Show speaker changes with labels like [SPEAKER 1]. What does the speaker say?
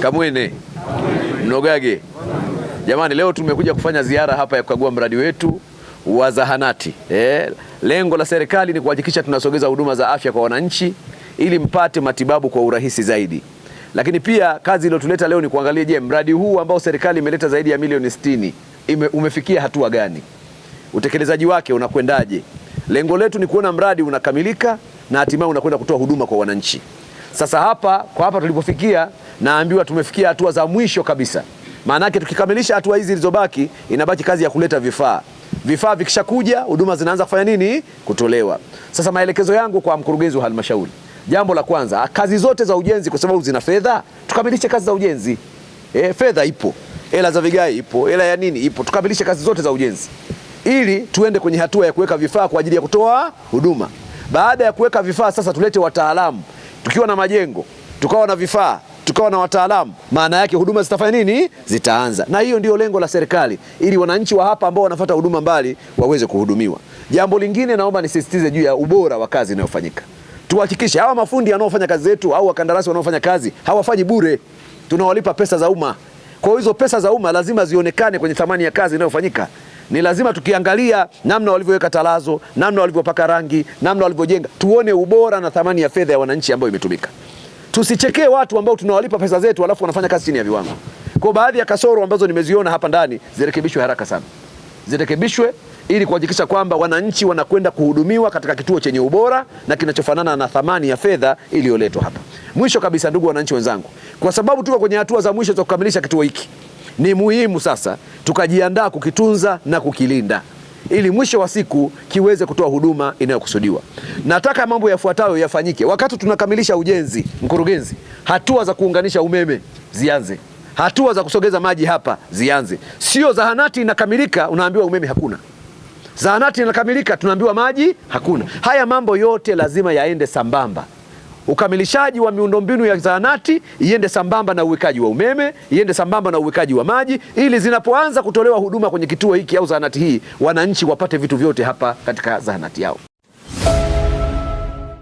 [SPEAKER 1] Kamwene, Mnogage. Jamani, leo tumekuja kufanya ziara hapa ya kukagua mradi wetu wa zahanati eh. Lengo la serikali ni kuhakikisha tunasogeza huduma za afya kwa wananchi ili mpate matibabu kwa urahisi zaidi, lakini pia kazi iliyotuleta leo ni kuangalia, je, mradi huu ambao serikali imeleta zaidi ya milioni ime, umefikia hatua gani? Utekelezaji wake unakwendaje? Lengo letu ni kuona mradi unakamilika na hatimaye unakwenda kutoa huduma kwa wananchi. Sasa hapa kwa hapa tulipofikia, naambiwa tumefikia hatua za mwisho kabisa. Maanake tukikamilisha hatua hizi zilizobaki, inabaki kazi ya kuleta vifaa. Vifaa vikishakuja, huduma zinaanza kufanya nini? Kutolewa. Sasa maelekezo yangu kwa mkurugenzi wa halmashauri, jambo la kwanza, kazi zote za ujenzi, kwa sababu zina fedha, tukamilishe kazi za ujenzi. E, fedha ipo, hela za vigae ipo, hela ya nini ipo, tukamilishe kazi zote za ujenzi ili tuende kwenye hatua ya kuweka vifaa kwa ajili ya kutoa huduma. Baada ya kuweka vifaa, sasa tulete wataalamu tukiwa na majengo, tukawa na vifaa, tukawa na wataalamu, maana yake huduma zitafanya nini? Zitaanza. Na hiyo ndio lengo la serikali, ili wananchi wa hapa ambao wanafata huduma mbali waweze kuhudumiwa. Jambo lingine, naomba nisisitize juu ya ubora wa kazi inayofanyika. Tuhakikishe hawa mafundi wanaofanya kazi zetu au wakandarasi wanaofanya kazi hawafanyi bure, tunawalipa pesa za umma. Kwa hiyo hizo pesa za umma lazima zionekane kwenye thamani ya kazi inayofanyika ni lazima tukiangalia namna walivyoweka talazo, namna walivyopaka rangi, namna walivyojenga, tuone ubora na thamani ya fedha ya wananchi ambayo imetumika. Tusichekee watu ambao tunawalipa pesa zetu alafu wanafanya kazi chini ya viwango. Kwa baadhi ya kasoro ambazo nimeziona hapa ndani zirekebishwe haraka sana, zirekebishwe ili kuhakikisha kwamba wananchi wanakwenda kuhudumiwa katika kituo chenye ubora na kinachofanana na thamani ya fedha iliyoletwa hapa. Mwisho kabisa, ndugu wananchi wenzangu, kwa sababu tuko kwenye hatua za mwisho za kukamilisha kituo hiki ni muhimu sasa tukajiandaa kukitunza na kukilinda ili mwisho wa siku kiweze kutoa huduma inayokusudiwa. Nataka mambo yafuatayo yafanyike wakati tunakamilisha ujenzi. Mkurugenzi, hatua za kuunganisha umeme zianze, hatua za kusogeza maji hapa zianze. Sio zahanati inakamilika unaambiwa umeme hakuna, zahanati inakamilika tunaambiwa maji hakuna. Haya mambo yote lazima yaende sambamba. Ukamilishaji wa miundombinu ya zahanati iende sambamba na uwekaji wa umeme, iende sambamba na uwekaji wa maji, ili zinapoanza kutolewa huduma kwenye kituo hiki au zahanati hii, wananchi wapate vitu vyote hapa katika zahanati yao.